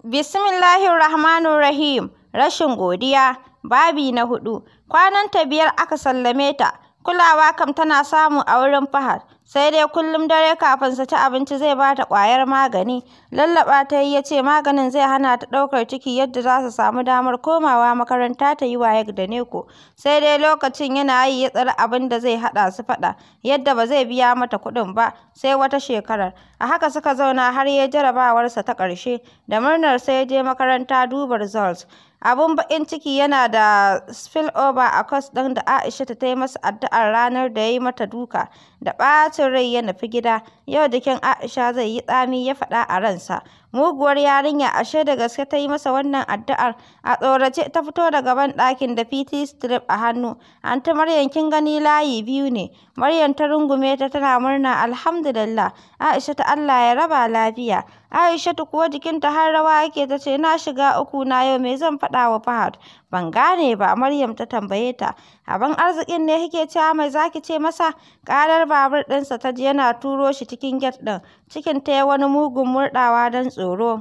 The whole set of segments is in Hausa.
Bismillahirrahmanirrahim. Rashin godiya. Babi na hudu, kwanan ta biyar aka sallame ta. Kulawa kam tana samu a wurin Fahad, sai dai kullum dare kafin su ci abinci zai ba ta ƙwayar magani. Lallaɓa ta yi ya ce maganin zai hana ta ɗaukar ciki yadda za su samu damar komawa makaranta ta yi waye da neko. Sai dai lokacin yana yi ya tsara abin da zai haɗa su faɗa, yadda ba zai biya mata kuɗin ba sai wata shekarar. A haka suka zauna har ya jarabawarsa ta ƙarshe, da murnar sai ya je makaranta duba results. Abun bakin ciki yana da spillover a kwas ɗin da Aisha ta yi masa addu'ar ranar da ya yi mata duka. da ɓacin rai ya nufi gida. Yau jikin Aisha zai yi tsami ya faɗa a ransa. Muguwar yarinya ashe da gaske ta yi masa wannan addu'ar. A tsorace ta fito daga banɗakin da PT strip a hannu. Anti Maryam kin gani layi biyu ne. Maryam ta rungume ta tana murna alhamdulillah. Aisha ta Allah ya raba lafiya. Aisha ta kuwa jikinta har rawa yake ta ce na shiga uku na yau me zan faɗa wa Fahad. Ban gane ba Maryam ta tambaye ta. Abin arzikin ne kike cewa mai zaki ce masa? Ƙarar babur ɗinsa ta ji yana turo shi cikin get ɗin, cikinta ya wani mugun murɗawa don tsoro.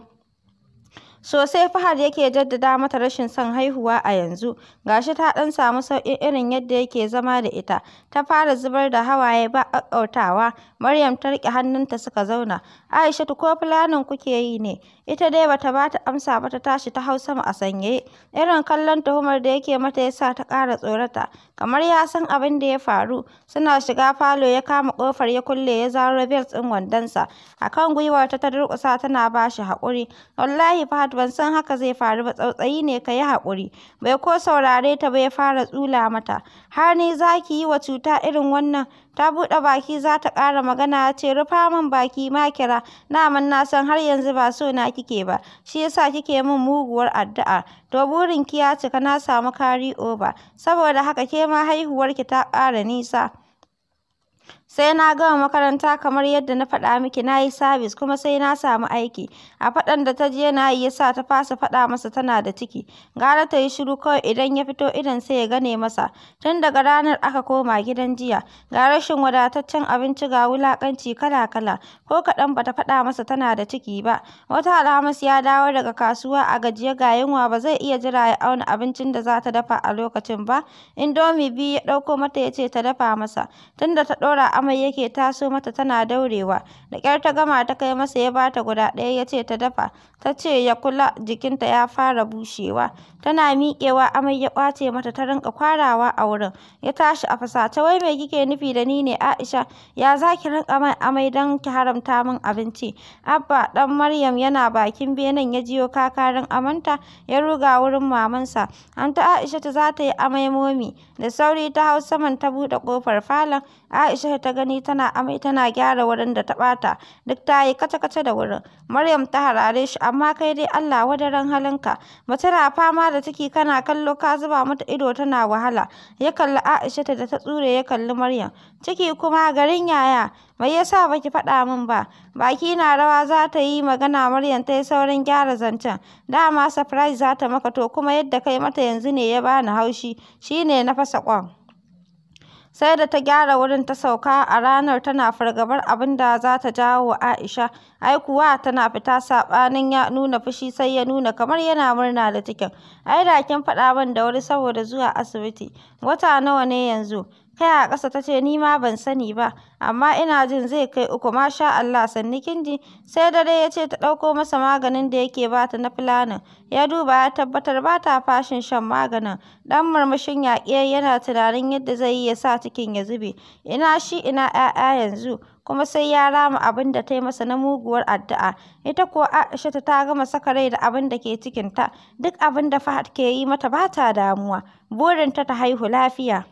Sosai Fahad yake jaddada mata rashin son haihuwa a yanzu, Ga shi ta ɗan samu sauƙin irin yadda yake zama da ita, ta fara zubar da hawaye ba ƙaƙƙautawa, Maryam ta riƙe hannunta suka zauna, Aishatu ko fulanin kuke yi ne? Ita dai bata ba ta amsa ba ta tashi ta hau sama a sanyaye, irin kallon tuhumar da yake mata ya sa ta ƙara tsorata, kamar ya san abin da ya faru, suna shiga falo ya kama ƙofar ya kulle ya zaro bels ɗin wandonsa, akan gwiwarta ta durƙusa tana ba shi haƙuri, wallahi Fahad ban san haka zai faru ba tsautsayi ne ka yi haƙuri. Bai ko saurare ta ba ya fara tsula mata. Har ni za ki yi wa cuta irin wannan? Ta buɗe baki za ta ƙara magana ya ce rufa min baki ma kira. man na san har yanzu ba so na kike ba. Shi yasa kike min muguwar addu'a. To burin ki ya cika na samu kari over Saboda haka ke ma haihuwar ki ta ƙara nisa. Sai na gama makaranta kamar yadda na faɗa miki na yi sabis kuma sai na samu aiki. A faɗan da ta je na yi ya sa ta fasa faɗa masa tana da ciki. Gara ta yi shiru kawai idan ya fito idan sai ya gane masa. Tun daga ranar aka koma gidan jiya. Ga rashin wadataccen abinci ga wulakanci kala-kala. Ko kaɗan bata faɗa masa tana da ciki ba. Wata Alhamis ya dawo daga kasuwa a gajiye ga yunwa ba zai iya jira ya auna abincin da za ta dafa a lokacin ba. Indomi biyu ya ɗauko mata ya ce ta dafa masa. Tunda ta ɗora amai yake taso mata tana daurewa. Da ƙyar ta gama ta kai masa ya bata guda ɗaya ya ce ta dafa. Ta ce ya kula jikinta ya fara bushewa. Tana miƙewa amai ya ƙwace mata ta rinka kwarawa a wurin. Ya tashi a fasace wai me kike nufi da ni ne Aisha? Ya zaki ki mai min amai don ki haramta min abinci? Abba dan Maryam yana bakin benen ya jiyo kakarin amanta ya ruga wurin mamansa. Anta Aisha ta za ta yi amai momi. Da sauri ta hau saman ta buɗe kofar falon. Aisha ta ta gani tana amai tana gyara wurin da ta ɓata duk ta yi kace-kace da wurin. Maryam ta harare shi amma kai dai Allah wadaran halinka. Mace na fama da ciki kana kallo ka zuba mata ido tana wahala. Ya kalli Aisha ta da ta tsure ya kalli Maryam. Ciki kuma garin yaya. Mai yasa baki faɗa min ba? Baki na rawa za ta yi magana Maryam ta yi saurin gyara zancen. Dama surprise za ta maka to kuma yadda kai mata yanzu ne ya bani haushi. Shi ne na fasa kwan Sai da ta gyara wurin ta sauka a ranar tana fargabar abin da za ta jawo wa Aisha, ai kuwa tana fita saɓanin ya nuna fushi sai ya nuna kamar yana murna da cikin. Ai da kin faɗa min da wuri saboda zuwa asibiti, wata nawa ne yanzu? Kai a ƙasa ta ce ni ma ban sani ba, amma ina jin zai kai uku masha Allah sannu kindi Sai dare ya ce ta ɗauko masa maganin da yake bata na filanin. Ya duba ya tabbatar ba ta fashin shan maganin. Ɗan murmushin yaƙi yana tunanin yadda zai yi ya sa cikin ya zube. Ina shi ina ‘ya'ya yanzu. kuma sai ya rama abin da ta yi masa na muguwar addu'a ita ko Aisha ta gama saka rai da abin da ke cikinta duk abin da Fahad ke yi mata ba ta damuwa burinta ta haihu lafiya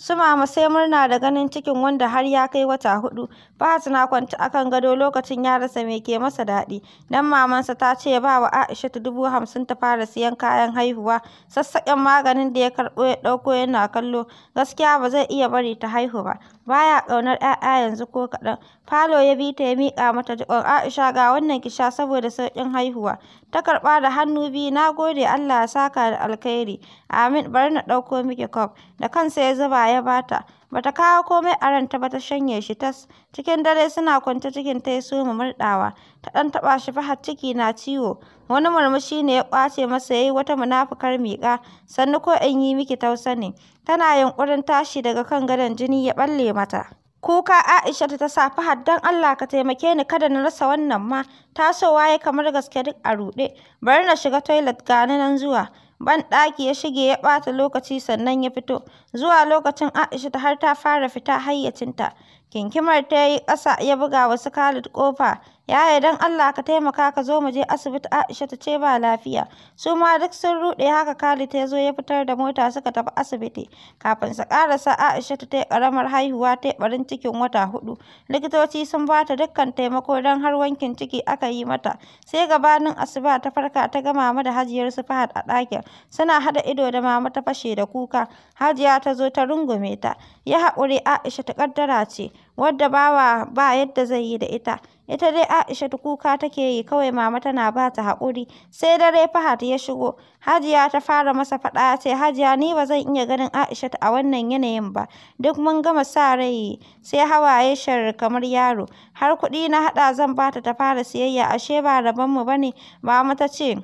Su mama sai murna da ganin cikin wanda har ya kai wata hudu. Fahad na kwanta akan gado lokacin ya rasa mai ke masa daɗi. Dan mamansa ta ce ba wa Aisha ta dubu hamsin ta fara siyan kayan haihuwa. Sassaƙen maganin da ya karɓo ya ɗauko yana kallo. Gaskiya ba zai iya bari ta haihu ba. Baya ƙaunar 'ya'ya yanzu ko kaɗan. Falo ya bi ta ya miƙa mata jikon Aisha ga wannan ki sha saboda sauƙin haihuwa. Ta karɓa da hannu biyu na gode Allah ya saka da alkhairi. Amin bari na ɗauko miki kwaf. Da kansa ya zuba ya bata. Bata kawo komai a ranta ba ta shanye shi tas. Cikin dare suna kwance ta yi ma murɗawa. Ta ɗan taɓa shi fa ciki na ciwo. Wani murmushi ne ya ƙwace masa ya yi wata munafukar miƙa. Sannu ko in yi miki tausa ne. Tana yunƙurin tashi daga kan gadon jini ya ɓalle mata. Kuka Aisha ta sa Fahad don Allah ka taimake ni kada na rasa wannan ma. Tasowa ya kamar gaske duk a ruɗe. Bari na shiga toilet gani nan zuwa. banɗaki ya shige ya ɓata lokaci sannan ya fito, zuwa lokacin Aishat har ta fara fita hayyacinta. Kinkimar ta yi ƙasa ya buga wasu Khalid ƙofa. Yaya don Allah ka taimaka ka zo mu je asibiti Aisha ta ce ba lafiya. Su ma duk sun ruɗe haka Khalid ya zo ya fitar da mota suka tafi asibiti. Kafin su ƙarasa Aisha ta yi ƙaramar haihuwa ta ɓarin cikin wata huɗu. Likitoci sun ba ta dukkan taimako don har wankin ciki aka yi mata. Sai gabanin asuba ta farka ta ga mama da hajiyar su Fahad a ɗakin. Suna haɗa ido da mama ta fashe da kuka. Hajiya ta zo ta rungume ta. Ya haƙuri Aisha ta ƙaddara ce. wadda bawa ba yadda zai yi da ita, ita dai Aishatu kuka take yi kawai mama tana ba ta haƙuri. Sai dare Fahad ya shigo, Hajiya ta fara masa faɗa ya ce, Hajiya ni ba zan iya ganin Aisha a wannan yanayin ba, duk mun gama sa rai sai hawaye shar kamar yaro, har kuɗi na haɗa zan ba ta ta fara siyayya ashe ba rabonmu ba ne, mama ta ce,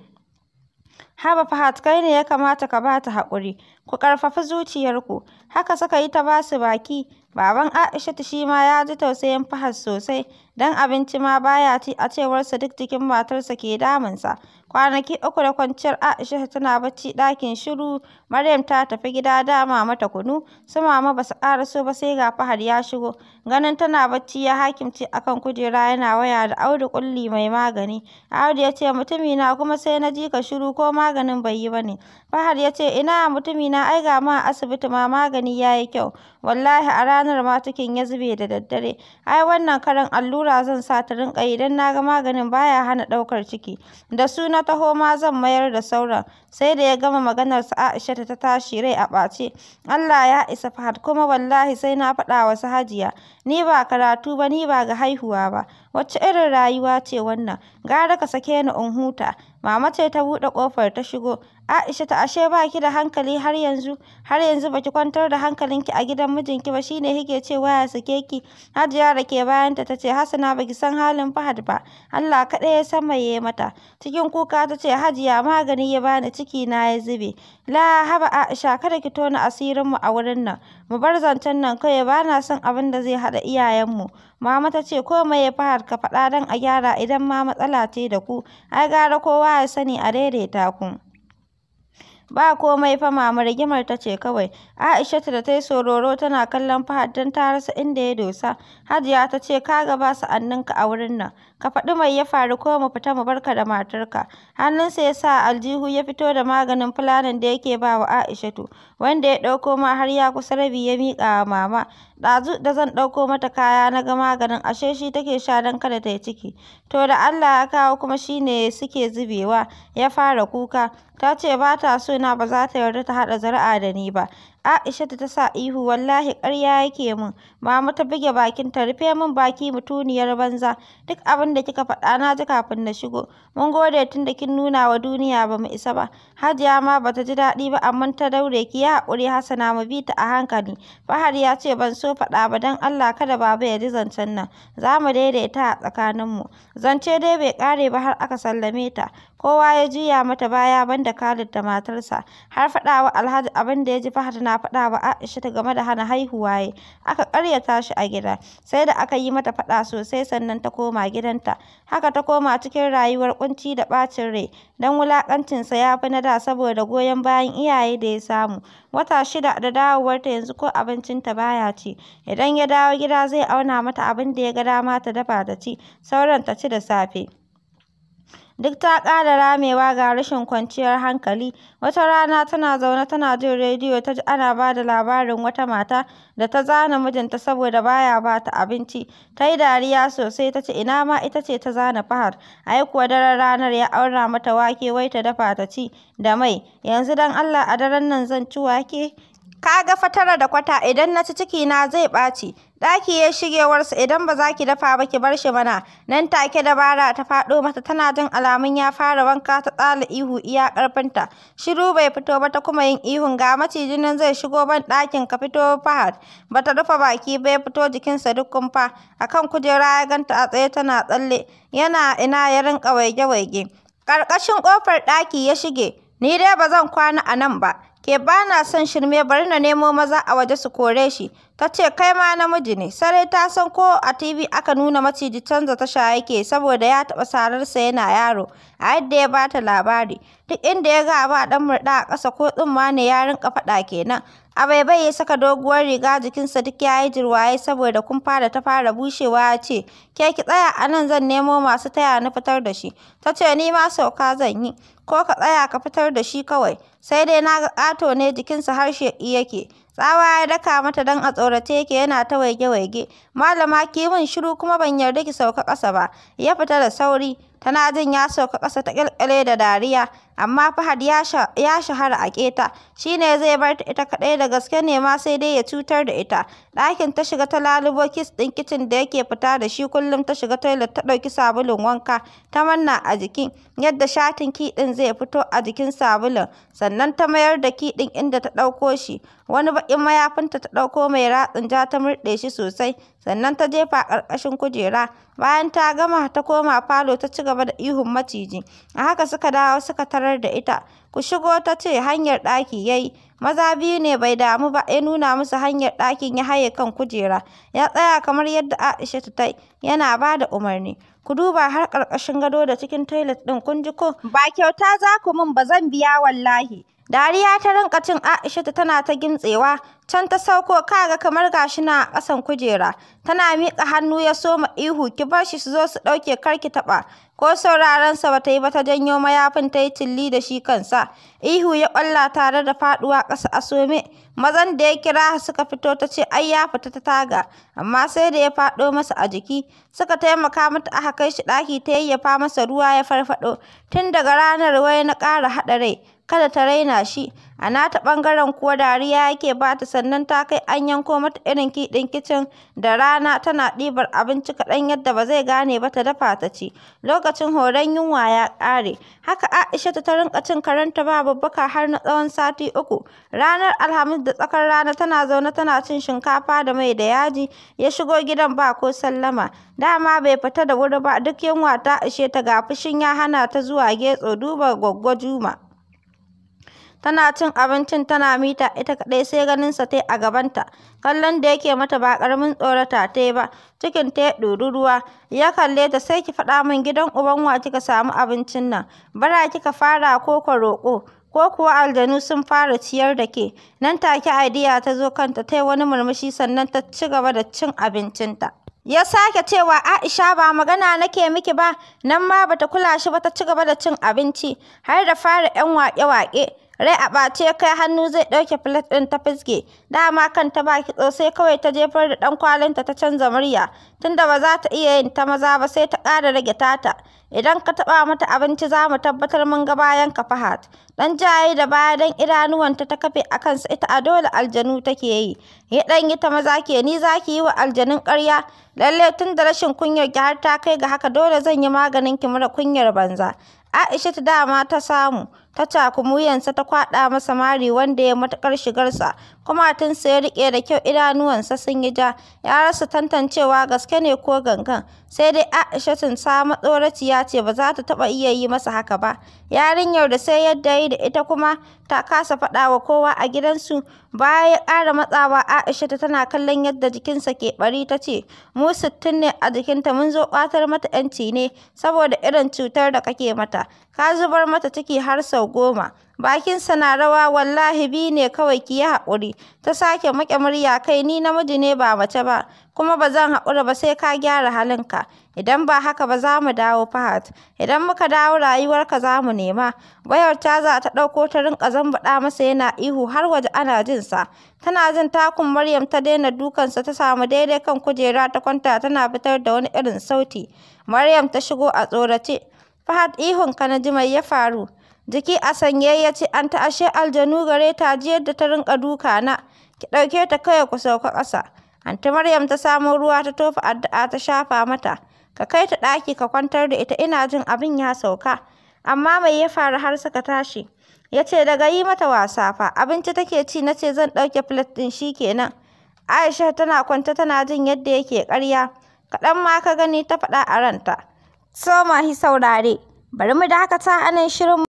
Haba Fahad kai ne ya kamata ka ba ta haƙuri, ku ƙarfafi zuciyarku, haka suka yi ta ba baki. Baban Aishatu shi ma ya ji tausayin Fahad sosai, don abinci ma ba ya ci, a cewar duk jikin matarsa ke damunsa. Kwanaki uku da kwanciyar Aisha tana bacci ɗakin shiru, Maryam ta tafi gida dama mata kunu, su Mama ba su ƙara so ba sai ga Fahad ya shigo, ganin tana bacci, ya hakimce a kan kujera yana waya da Audu ƙulli mai magani. Audu ya ce mutumina kuma sai na ji ka shiru ko maganin bai yi ba ne. Fahad ya ce ina mutumina ai ga ma a asibiti ma magani ya yi kyau, wallahi a ranar ma tukin ya zube da daddare. Ai wannan karin allura zan sa ta rinƙa idan na ga maganin baya hana ɗaukar ciki. Da su na taho ma zan mayar da sauran. Sai da ya gama maganar sa Aisha ta tashi rai a ɓace. Allah ya isa Fahad kuma wallahi sai na faɗa wa su Hajiya. Ni ba karatu ba ni ba ga haihuwa ba. Wacce irin rayuwa ce wannan? Gara ka sake ni in huta. Mama ce ta buɗe ƙofar ta shigo. Aisha ta ashe ba ki da hankali har yanzu, har yanzu baki kwantar da hankalinki a gidan mijinki ba shine hike cewa ya sake ki. Hajiya da ke bayanta ta ce "Hasana, baki san halin Fahad ba. Allah kaɗai ya san mai mata. Cikin kuka ta ce Hajiya magani ya bani ciki. na ya zube. La haba Aisha kada ki tona mu a wurin nan. Mu bar zancen nan kawai ba na son abin da zai haɗa mu Mama ta ce komai ya fahar ka faɗa dan a gyara idan ma matsala ce da ku. Ai gara kowa ya sani a daidaita ku. ba komai fa mama rigimar ta ce kawai Aisha da ta yi sororo tana kallon fahad don ta rasa inda ya dosa hajiya ta ce ka ga ba sa'anninka a wurin nan ka faɗi mai ya faru ko mu fita mu barka da matarka hannunsa ya sa aljihu ya fito da maganin fulanin da yake ba wa aishatu wanda ya ɗauko ma har ya kusa rabi ya miƙa wa mama ɗazu da zan ɗauko mata kaya na ga maganin ashe shi take sha don kada ta yi ciki to da allah ya kawo kuma shine suke zubewa ya fara kuka ta ce ba ta so na ba za ta yarda ta haɗa zuri'a da ni ba Aishatu ta sa ihu wallahi ƙarya yake min. Mama ta buge bakin ta rufe min baki mutuniyar banza. Duk abin da kika faɗa na ji kafin na shigo. Mun gode tun da kin nuna wa duniya ba mu isa ba. Hajiya ma bata ji daɗi ba amma ta daure ki ya haƙuri Hassana mu bi ta a hankali. Fahar ya ce ban so faɗa ba dan Allah kada baba ya ji zancen nan. Za mu daidaita a tsakanin mu Zance dai bai ƙare ba har aka sallame ta. Kowa ya juya mata baya banda Khalid da matarsa. Har faɗawa Alhaji abin da ya ji Fahad na yana faɗa wa Aisha game da hana haihuwa ya aka ƙaryata shi a gida sai da aka yi mata faɗa sosai sannan ta koma gidanta haka ta koma cikin rayuwar kunci da ɓacin rai don wulaƙancinsa ya fi na da saboda goyon bayan iyaye da ya samu wata shida da dawowarta yanzu ko abincinta baya ci idan ya dawo gida zai auna mata abin da ya ga dama ta dafa ta ci sauran ta ci da safe duk ta ƙara ramewa ga rashin kwanciyar hankali. Wata rana tana zaune tana jin rediyo ta ji ana ba da labarin wata mata da ta zana mijinta saboda baya ba ta abinci. Ta yi dariya sosai ta ce ina ma ita ce ta zana fahar? Ai kuwa daren ranar ya aura mata wake wai ta dafa ta ci da mai. Yanzu don Allah a daren nan zan ci wake? Ka ga fatara da kwata idan na ci na zai ɓaci. Ɗaki ya shigewarsa idan ba za ki dafa ba ki bar shi mana. Nan take dabara ta faɗo mata tana jin alamun ya fara wanka ta tsala ihu iya karfinta. Shiru bai fito ba ta kuma yin ihun ga maciji zai shigo ban ɗakin ka fito Fahad. Ba ta rufe baki ba ya fito jikinsa duk kumfa. A kan kujera ya ganta a tsaye tana tsalle. Yana ina ya rinƙa waige-waige. Ƙarƙashin ƙofar ɗaki ya shige. Ni dai ba zan kwana a nan ba. Ke ba na son shirme bari na nemo maza a waje su kore shi. Ta ce kai ma namiji ne. Sarai ta san ko a TV aka nuna maciji canza tasha yake saboda ya taɓa sararsa yana yaro. A yadda ya bata labari. Duk inda ya ga ba dan murda a kasa ko tsumma ne ya rinka faɗa kenan. A baibai ya saka doguwar riga jikinsa duk ya yi jirwaye saboda kumfa da ta fara bushewa ya ce, Ke ki tsaya anan zan nemo masu taya na fitar da shi. Ta ce ni ma sauka zan yi. ko ka tsaya ka fitar da shi kawai, sai dai na ga ƙato ne jikinsa har sheƙi yake. Tsawa ya daka mata don a tsorace yake yana ta waige-waige. Malama ki min shiru kuma ban yarda ki sauka ƙasa ba. Ya fita da sauri, tana jin ya sauka ƙasa ta ƙyalƙyale da dariya. amma Fahad ya shahara a keta, shi ne zai bar ta ita kaɗai da gaske ne ma sai dai ya cutar da ita. Ɗakin ta shiga ta lalubo kis ɗin kicin da yake fita da shi kullum ta shiga toilet ta ɗauki sabulun wanka ta manna a jiki, yadda shatin ki ɗin zai fito a jikin sabulun, sannan ta mayar da ki ɗin inda ta ɗauko shi. Wani baƙin mayafinta ta ɗauko mai ratsin ja ta murɗe shi sosai, sannan ta jefa ƙarƙashin kujera. Bayan ta gama ta koma falo ta ci gaba da ihun maciji. A haka suka dawo suka tarar tarar da ita. Ku shigo ta ce hanyar ɗaki Yayi Maza biyu ne bai damu ba ya nuna musu hanyar ɗakin ya haye kan kujera. Ya tsaya kamar yadda Aisha ta yi yana ba da umarni. Ku duba har ƙarƙashin gado da cikin toilet ɗin kun ji ko? Ba kyauta za ku min ba zan biya wallahi. Dariya ta rinka cin Aisha ta tana ta gintsewa can ta sauko kaga kamar gashi na a ƙasan kujera. Tana miƙa hannu ya soma ihu, ki bar shi su zo su ɗauke kar ki taɓa. Ko saurarensa ba ta yi ba ta janyo mayafin ta yi cilli da shi kansa. Ihu ya ƙwalla tare da faɗuwa ƙasa a some. Mazan da ya kira suka fito ta ce ai ya fita ta taga, amma sai da ya faɗo masa a jiki. Suka taimaka mata aka kai shi ɗaki ta yayyafa masa ruwa ya farfaɗo. Tun daga ranar wai na ƙara haɗa rai. kada ta raina shi. A nata ɓangaren kuwa dariya yake bata sannan ta kai an yanko mata irin kiɗin kicin da rana tana ɗibar abinci kaɗan yadda ba zai gane ba ta dafa ta ci. Lokacin horon yunwa ya ƙare. Haka Aisha ta rinka cin karanta ba babbaka har na tsawon sati uku. Ranar Alhamis da tsakar rana tana zaune tana cin shinkafa da mai da yaji ya shigo gidan ba ko sallama. Dama bai fita da wuri ba duk yunwa ta ishe ta ga fushin ya hana ta zuwa getso duba gwaggo Juma. Tana cin abincin tana mita ita kaɗai sai ganinsa ta a gabanta. Kallon da yake mata ba ƙaramin tsorata ta ba. Cikin ta ya ruwa. Ya kalle ta sai ki faɗa min gidan uban wa kika samu abincin nan. Bara kika fara ko ka roƙo. ko kuwa aljanu sun fara ciyar da ke nan take aidiya ta zo kanta ta wani murmushi sannan ta ci gaba da cin abincinta ya sake cewa Aisha ba magana nake miki ba nan ma bata kula shi ba ta ci gaba da cin abinci har da fara 'yan wake-wake. Rai a ɓace kai hannu zai ɗauke filet ɗin ta fuske. Dama ta ba baki sai kawai ta jefar da ɗan kwalinta ta canza murya. Tunda ba za ta iya yin ta maza ba sai ta ƙara rage tata. Idan ka taɓa mata abinci za mu tabbatar mun ga bayan ka fahat. Ɗan jaye da baya don idanuwanta ta kafe a kansa ita a dole aljanu take yi. Ya ɗan yi ta maza ke ni za ki yi wa aljanun ƙarya. Lalle tun da rashin kunyar ki har ta kai ga haka dole zan yi maganin ki mara kunyar banza. Aisha ta dama ta samu. ta cakumi wuyansa ta kwaɗa masa mari wanda ya yi matuƙar shigarsa Kuma kumatunsa ya rike da kyau idanuwansa sun yi ja ya rasa tantancewa gaske ne ko gangan sai dai Aishatun ta matsoraciya ce ba za ta taba iya yi masa haka ba yarinyar da sai yadda yi da ita kuma ta kasa faɗa wa kowa a gidansu baya ya ƙara matsawa Aishatu tana kallon yadda jikinsa ke bari ta ce mu sittin ne a jikinta mun zo ƙwatar mata ‘yanci ne saboda irin cutar da kake mata ka zubar mata ciki har sau goma bakinsa na rawa wallahi bi ne kawai ki yi haƙuri ta sake maƙe murya kai ni namiji ne ba mace ba kuma ba zan haƙura ba sai ka gyara halinka idan ba haka ba za mu dawo fahad idan muka dawo rayuwarka za mu nema bayar ta za ta ɗauko ta rinƙa zambaɗa masa yana ihu har waje ana jin sa tana jin takun maryam ta daina dukansa ta samu daidai kan kujera ta kwanta tana fitar da wani irin sauti maryam ta shigo a tsorace fahad ka na ji mai ya faru Jiki a sanye ya ce, an ta ashe aljanu gare ta ji yadda ta rinka duka na. Ki ɗauke ta kawai ku sauka ƙasa." Anti Maryam ta samo ruwa ta tofa addu'a ta shafa mata. Ka kai ta ɗaki ka kwantar da ita ina jin abin ya sauka. Amma mai ya faru har suka tashi? Ya ce daga yi mata wasa fa, abinci take ci na ce zan ɗauke filet ɗin shi kenan. Aisha tana kwanta tana jin yadda yake ƙarya. Kaɗan ma ka gani ta faɗa a ranta. So hi saurare, bari mu dakata a nan shirin